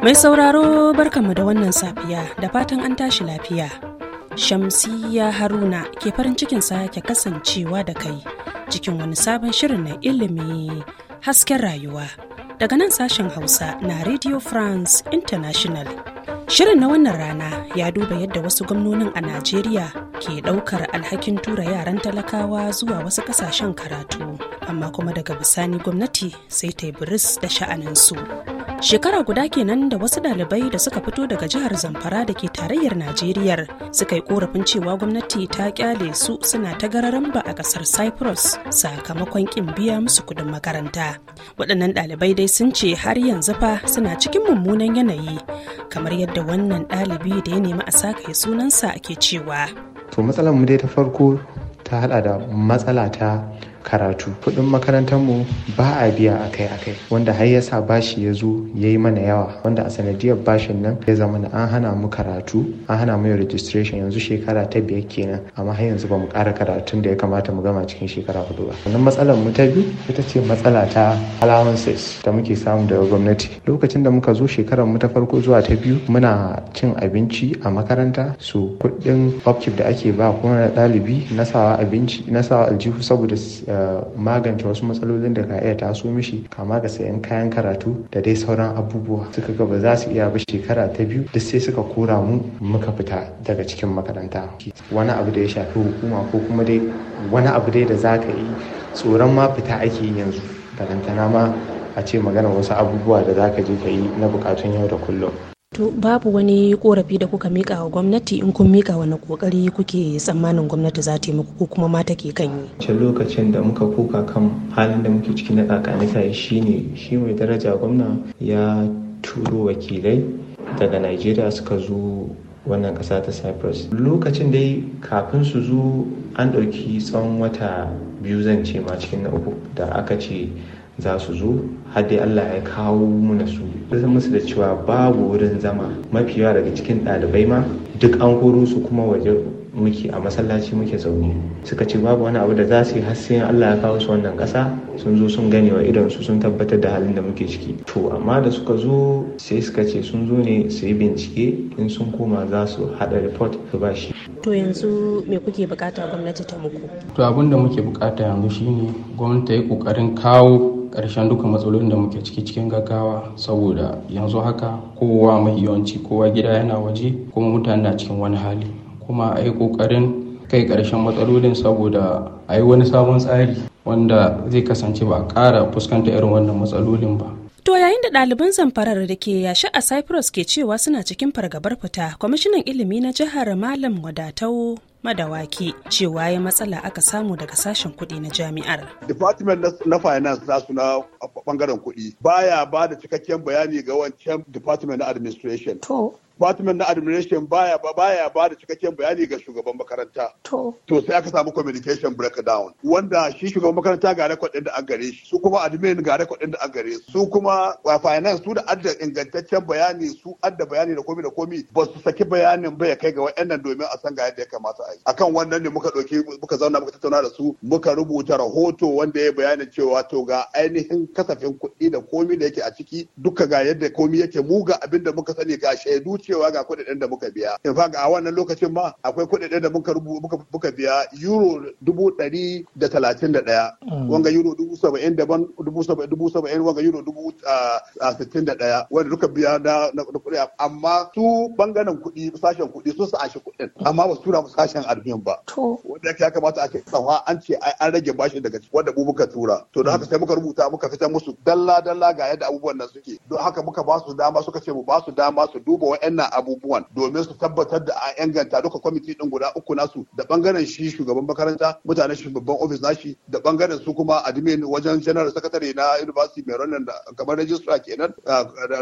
Mai sauraro barkanmu da wannan safiya da fatan an tashi lafiya. Shamsiyya Haruna ke farin cikin sake kasancewa da kai cikin wani sabon shirin na ilimi hasken rayuwa daga nan sashen Hausa na Radio France International. Shirin na wannan rana ya duba yadda wasu gwamnonin a Najeriya ke ɗaukar alhakin tura yaran talakawa zuwa wasu ƙasashen karatu amma kuma daga bisani gwamnati sai ta yi buris da sha'aninsu shekara guda kenan da wasu ɗalibai da suka fito daga jihar zamfara da ke tarayyar najeriya suka yi korafin cewa gwamnati ta kyale su suna ta gararan ba a ƙasar cyprus sakamakon ƙin biya musu kudin makaranta waɗannan ɗalibai dai sun ce har yanzu fa suna cikin mummunan yanayi kamar yadda wannan ɗalibi da ya nemi a sakaye sunansa ake cewa to matsalar mu dai ta farko ta hada da matsala ta karatu kuɗin makarantar mu ba a biya akai akai wanda har yasa bashi ya zo ya yi mana yawa wanda a sanadiyar bashin nan ya zama an hana mu karatu an hana mu registration yanzu shekara ta biyar kenan amma har yanzu ba mu ƙara karatun da ya kamata mu gama cikin shekara hudu ba wannan matsalar mu ta biyu ita ce matsala ta allowances da muke samu daga gwamnati lokacin da muka zo shekarar mu ta farko zuwa ta biyu muna cin abinci a makaranta su kuɗin upkeep da ake ba kuma na ɗalibi na sawa abinci na sawa aljihu saboda magance wasu matsalolin da ka iya taso mishi kama ga sayan kayan karatu da dai sauran abubuwa suka ga ba za su iya ba shekara ta biyu duk sai suka kura mu muka fita daga cikin makaranta wani abu da ya shafi hukuma ko kuma dai wani abu dai da za ka yi tsoron ma fita ake yi yanzu barantana ma a ce magana wasu abubuwa da za ka je ka yi na bukatun yau da kullum to babu wani korafi da kuka mika wa gwamnati in kun mika wani kokari kuke tsammanin gwamnati za ta yi muku ko kuma ma take kan yi can lokacin da muka kuka kan halin da muke ciki na kakanika shine shi mai daraja gwamna ya turo wakilai daga najeriya suka zo wannan ƙasa ta cyprus lokacin dai kafin su zo an ɗauki tsawon wata biyu zan ce ma cikin na uku da aka ce za su zo har dai Allah ya kawo muna su zan musu da cewa babu wurin zama mafi yawa daga cikin ɗalibai ma duk an horo su kuma waje muke a masallaci muke zaune suka ce babu wani abu da za su yi har sai Allah ya kawo su wannan kasa sun zo sun gane wa idon su sun tabbatar da halin da muke ciki to amma da suka zo sai suka ce sun zo ne su yi bincike in sun koma za su hada report su ba shi to yanzu me kuke bukata gwamnati ta muku to abin da muke bukata yanzu shine gwamnati ta yi kokarin kawo karshen duka matsalolin da muke ciki cikin gaggawa saboda yanzu haka kowa mai yawanci kowa gida yana waje kuma mutane na cikin wani hali kuma a yi kokarin kai karshen matsalolin saboda a yi wani sabon tsari wanda zai kasance ba a kara fuskanta irin wannan matsalolin ba. To yayin da ɗaliban zamfarar da ke yashi a Cyprus ke cewa suna cikin fargabar fita, kwamishinan ilimi na jihar Malam Wadatau madawaki cewa ya matsala aka samu daga sashen kuɗi na jami'ar. Department na finance suna a bangaren kuɗi baya ba da cikakken bayani ga wancan department na administration. To. department na administration baya ba baya ba da cikakken bayani ga shugaban makaranta to sai aka samu communication breakdown wanda shi shugaban makaranta ga record din da an gare shi su kuma admin ga record din da an gare su kuma finance su da adda ingantaccen bayani su adda bayani da komi da komi ba su saki bayanin ba ya kai ga wayannan domin a san ga yadda ya kamata a yi akan wannan ne muka dauki muka zauna muka tattauna da su muka rubuta rahoto wanda ya bayanin cewa to ga ainihin kasafin kuɗi da komi da yake a ciki duka ga yadda komi yake mu ga abin da muka sani ga shaidu cewa ga kuɗaɗen da muka biya in fact a wannan lokacin ma akwai kuɗaɗen da muka muka biya euro dubu ɗari da talatin da ɗaya mm. wanga euro dubu saba'in daban dubu saba'in wanga euro dubu sittin da ɗaya wanda duka biya na kuɗi amma su bangaren kuɗi sashen kuɗi sun sa'ashi kuɗin amma ba su tura musu sashen admin ba wanda ya kamata a ce tsawa an ce an rage bashi daga wanda mu muka tura to don haka mm. sai muka rubuta muka fitar musu dalla dalla ga yadda abubuwan nan suke don haka muka ba su dama suka ce mu ba su dama su duba wa'annan wannan abubuwan domin su tabbatar da an inganta duka kwamiti din guda uku nasu da bangaren shi shugaban makaranta mutane shi babban ofis nashi da bangaren su kuma admin wajen general secretary na university mai ranar da kamar registrar kenan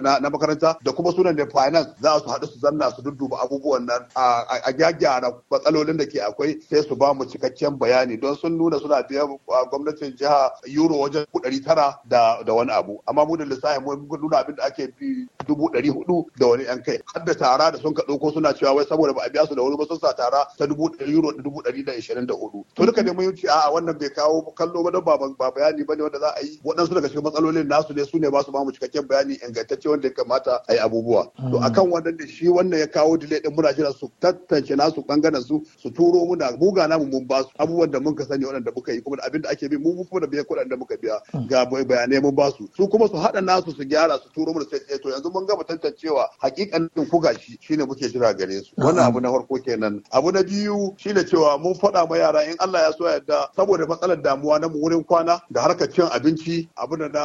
na makaranta da kuma sunan da finance za su haɗu su zanna su dudduba abubuwan nan a gyaggyara matsalolin da ke akwai sai su ba mu cikakken bayani don sun nuna suna biya gwamnatin jiha euro wajen kuɗari tara da wani abu amma mu da lissafi mu nuna abin da ake bi dubu ɗari hudu da wani yan kai har da tara da sun ka ɗauko suna cewa wai saboda ba a biya su da wani ba sun sa tara ta dubu ɗari euro da dubu ɗari da ishirin da hudu to duka ne mun a a wannan bai kawo kallo ba don ba ba bayani ne wanda za a yi waɗansu daga cikin matsalolin nasu ne su ne ba su ba mu cikakken bayani ingantacce wanda ya kamata a yi abubuwa to akan wannan da shi wannan ya kawo delay ɗin muna jira su tantance nasu ɓangaren su su turo muna buga namu mun ba su abubuwan da mun ka sani waɗanda muka yi kuma abin da ake bi mu kuma da biyan kuɗaɗen da muka biya ga bayanai mun ba su su kuma su haɗa nasu su gyara su turo mu da sai eh, to yanzu mun gama tantancewa hakikanin kuga shi shine muke jira gare su wannan abu na farko kenan abu na biyu shine cewa mun faɗa ma yara in Allah ya so yadda saboda matsalar damuwa na mu wurin kwana da harkar cin abinci abu da na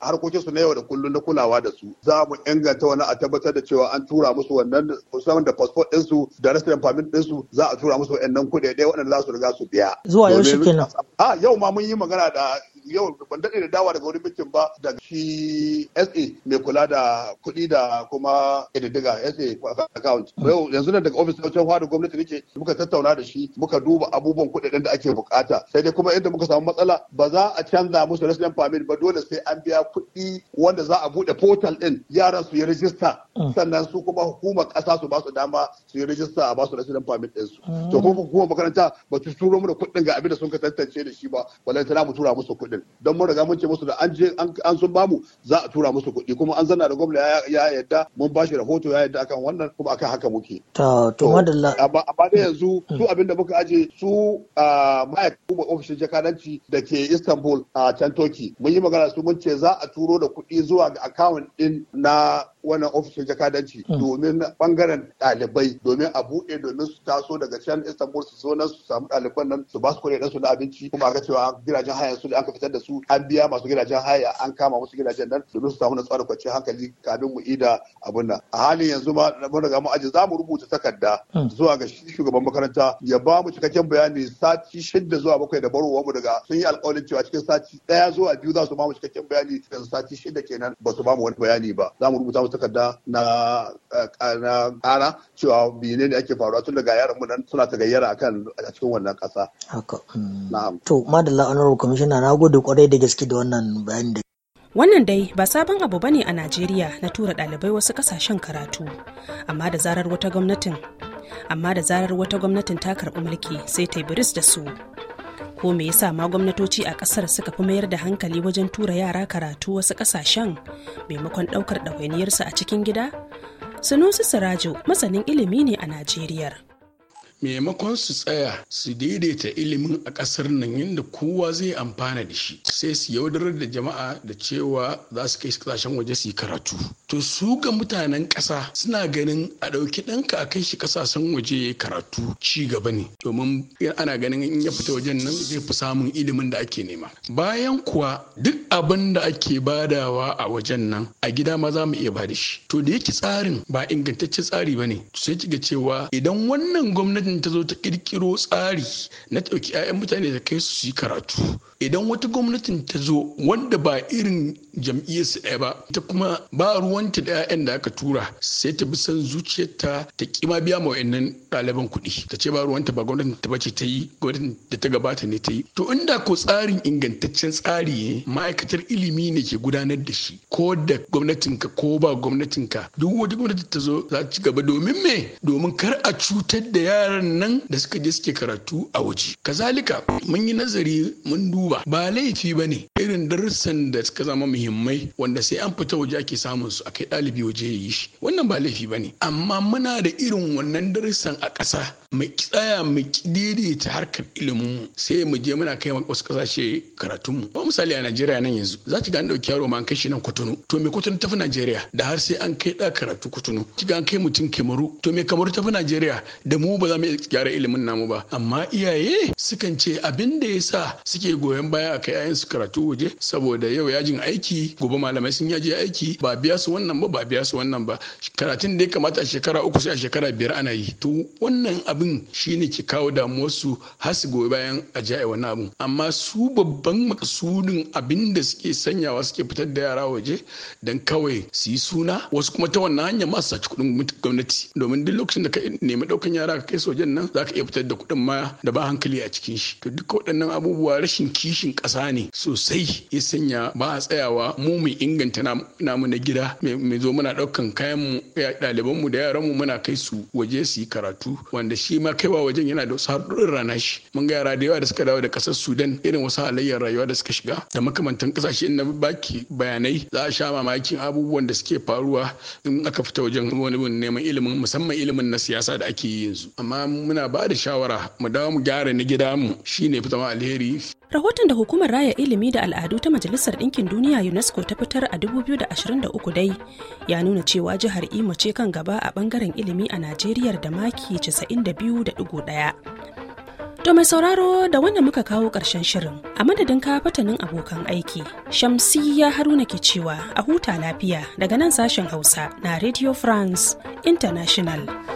harkokin su na yau da kullum na kulawa da su za mu inganta wani a tabbatar da cewa an tura musu wannan musamman da passport din su da resident permit din su za a tura musu waɗannan kuɗaɗe waɗanda za su riga su biya zuwa yau shi kenan a yau ma mun yi magana da yau ban daɗe da dawa daga wurin bikin ba da shi sa mai kula da kuɗi da kuma ƙididdiga sa account yau yanzu nan daga ofis ɗaucin fara gwamnati nake muka tattauna da shi muka duba abubuwan kuɗaɗen da ake buƙata. sai dai kuma inda muka samu matsala ba za a canza musu resident permit ba dole sai an biya kuɗi wanda za a buɗe portal ɗin yaran su yi rijista sannan su kuma hukumar kasa su ba su dama su yi rijista a ba su resident permit ɗinsu ah. to kuma hukumar makaranta ba su turo mu da kuɗin ga abin da sun ka da shi ba wallahi tana mu tura musu kuɗin don mun riga mun ce musu da an je an sun bamu za a tura musu kuɗi kuma an zanna da gwamna ya yadda mun ba shi rahoto ya yadda akan wannan kuma akan haka muke to to amma da yanzu mm. su abin da muka aje su ma'aikatan ofishin jakadanci da ke Istanbul a can Turkey mun yi magana su mun ce za a turo da kuɗi zuwa ga account din na wannan ofishin jakadanci hmm. domin bangaren ɗalibai domin a buɗe domin su taso daga can Istanbul su zo nan su samu ɗaliban nan su ba su kuɗi su na abinci kuma aka cewa gidajen haya su da aka fitar da su an biya masu gidajen haya an kama musu gidajen nan domin su samu natsuwa da kwanciyar hankali kafin mu ida abun nan a halin yanzu ma mun riga mu aji za mu rubuta takarda hmm. zuwa ga shugaban makaranta ya ba mu cikakken bayani sati shidda zuwa bakwai da barowa mu daga sun yi alƙawarin cewa cikin sati ɗaya zuwa biyu za su ba mu cikakken bayani daga sati shida kenan ba su ba mu wani bayani ba za mu rubuta takarda na eh, na ƙara cewa bine ne ake faruwa tun daga yaran mu nan suna ta gayyara akan a cikin wannan ƙasa. Haka. Mm. Na'am. To madalla commissioner na gode kwarai da gaske da wannan bayani da Wannan dai ba sabon abu bane a Najeriya na tura ɗalibai wasu ƙasashen karatu, amma da zarar wata gwamnatin amma da zarar wata gwamnatin ta karɓi mulki sai ta yi biris da su. ko me yasa ma gwamnatoci a kasar suka fi mayar da hankali wajen tura yara karatu wasu kasashen maimakon daukar ɗawainiyarsu a cikin gida sunusi sirajo masanin ilimi ne a najeriya maimakon su tsaya su daidaita ilimin a kasar nan yadda kowa zai amfana da shi sai su yaudarar da jama'a da cewa za su kai kasashen waje su yi karatu to su ga mutanen ƙasa suna ganin a ɗauki ɗanka a kai shi kasashen waje ya karatu ci gaba ne domin ana ganin in ya fita wajen nan zai fi samun ilimin da ake nema bayan kuwa duk abin da ake badawa a wajen nan a gida ma za mu iya ba da shi to da yake tsarin ba ingantaccen tsari ba ne sai ga cewa idan wannan gwamnati. gwamnatin ta zo ta kirkiro tsari na ɗauki 'ya'yan mutane da kai su yi karatu idan wata gwamnatin ta zo wanda ba irin jam'iyyar su ɗaya ba ita kuma ba ruwanta da 'ya'yan da aka tura sai ta bi san zuciyarta ta kima biya ma wa'annan ɗaliban kuɗi ta ce ba ruwanta ba gwamnatin ta bace ta yi gwamnatin da ta gabata ne ta yi to inda ko tsarin ingantaccen tsari ne ma'aikatar ilimi ne ke gudanar da shi ko da gwamnatinka ko ba ka. duk wata gwamnati ta zo za ta ci gaba domin me domin kar a cutar da yaran nan da suka je suke karatu a waje kazalika mun yi nazari mun duba ba laifi ba ne irin darussan da suka zama muhimmanci muhimmai wanda sai an fita waje ake samun su akai ɗalibi waje ya yi shi wannan ba laifi bane amma muna da irin wannan darussan a ƙasa mu tsaya mu daidaita harkar ilimin mu sai mu je muna kai wasu ƙasashe karatun mu ba misali a Najeriya nan yanzu za ki ga an dauki yaro ma an kai shi nan Kotonu to me Kotonu tafi Najeriya da har sai an kai da karatu Kotonu ki ga an kai mutum kamaru. to me Kamaru tafi Najeriya da mu ba za mu gyara ilimin namu ba amma iyaye sukan ce abin da ya sa suke goyon baya a kai 'ya'yansu karatu waje saboda yau yajin aiki aiki gobe malamai sun yaje aiki ba biya su wannan ba ba biya su wannan ba karatun da ya kamata a shekara uku sai a shekara biyar ana yi to wannan abin shine ke kawo damuwar su har su goyi bayan a jaye wannan abin amma su babban makasudin abin da suke sanyawa suke fitar da yara waje dan kawai su yi suna wasu kuma ta wannan hanyar ma su saci kuɗin gwamnati domin duk lokacin da ka nemi ɗaukan yara ka kai wajen nan za ka iya fitar da kuɗin ma da ba hankali a cikin shi to duk waɗannan abubuwa rashin kishin ƙasa ne sosai ya sanya ba a tsayawa cewa mu mu inganta namu na gida mai zo muna ɗaukan kayan mu ɗaliban mu da yaran mu muna kai su waje su yi karatu wanda shi ma kaiwa wajen yana da sarurin rana shi mun ga yara da yawa da suka dawo da ƙasar Sudan irin wasu halayyar rayuwa da suka shiga da makamantan ƙasashe na baki bayanai za a sha mamakin abubuwan da suke faruwa in aka fita wajen wani neman ilimin musamman ilimin na siyasa da ake yi yanzu amma muna ba da shawara mu dawo mu gyara na gida mu shine fi zama alheri Rahoton da Hukumar Raya Ilimi da Al'adu ta Majalisar Ɗinkin Duniya UNESCO ta fitar a 2023 dai ya nuna cewa jihar Imo ce kan gaba a ɓangaren ilimi a Najeriya da maki 92.1. To mai sauraro da wannan muka kawo ƙarshen shirin a madadin kafatanin abokan aiki shamsiyya haruna ke cewa a huta lafiya daga nan sashen hausa na radio france international